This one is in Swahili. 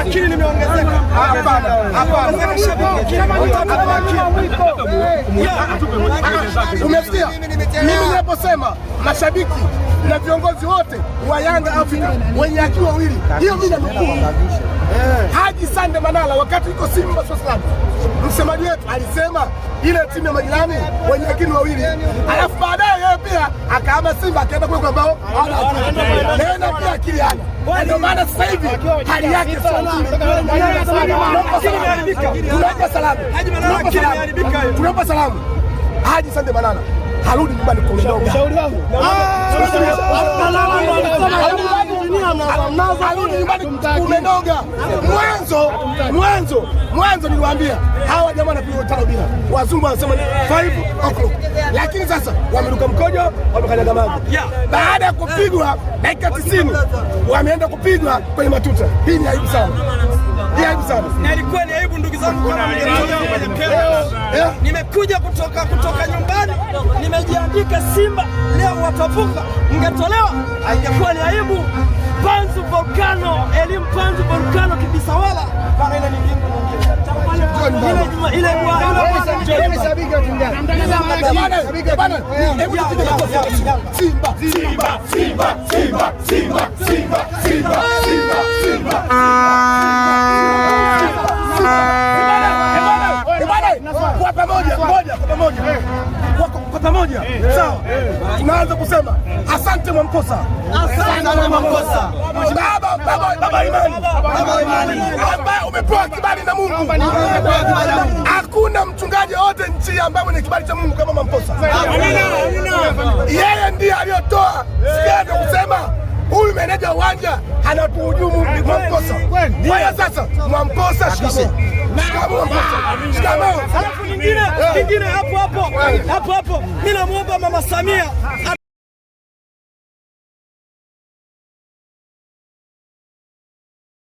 akili imeongezeka. mimi ninaposema mashabiki na viongozi wote wa Yanga Afrika wenye akili wawili, hiyo mimi nanukuu Haji Sande Manala wakati yuko Simba Sports Club, msemaji wetu alisema ile timu ya majirani wenye akili wawili, alafu baadaye yeye pia akahama Simba akaenda kule kwa ambao na ndio maana sasa hivi hali yake tunampa salamu Haji Sande Manara harudi nyumbani kumenoga mwanzo mwanzo mwanzo niliwaambia hawa jamaa wanapigwa tano bila, wazungu wanasema ni five o'clock, lakini sasa wameruka mkojo, wamekanyaga mago. Baada ya kupigwa dakika tisini wameenda kupigwa kwenye matuta. Hii ni aibu sana, hii aibu sana, na ilikuwa ni aibu ndugu zangu, kama mwenye nimekuja kutoka kutoka nyumbani, nimejiandika Simba leo watavuka, mngetolewa, haingekuwa ni aibu. Panzu Volcano elimu Kwa pamoja eh. eh. sawa. Eh. Tunaanza kusema asante Mwamposa, asante baba Imani ambaye umepewa kibali na Mungu yule ambaye mwenye kibali cha Mungu kama Mamposa. Yeye ndiye aliyotoa sikia kusema huyu meneja uwanja anatuhujumu Mamposa. Wewe sasa Mamposa shikamoo. Shikamoo. Ah, nyingine hapo hapo hapo hapo. Mimi namuomba Mama Samia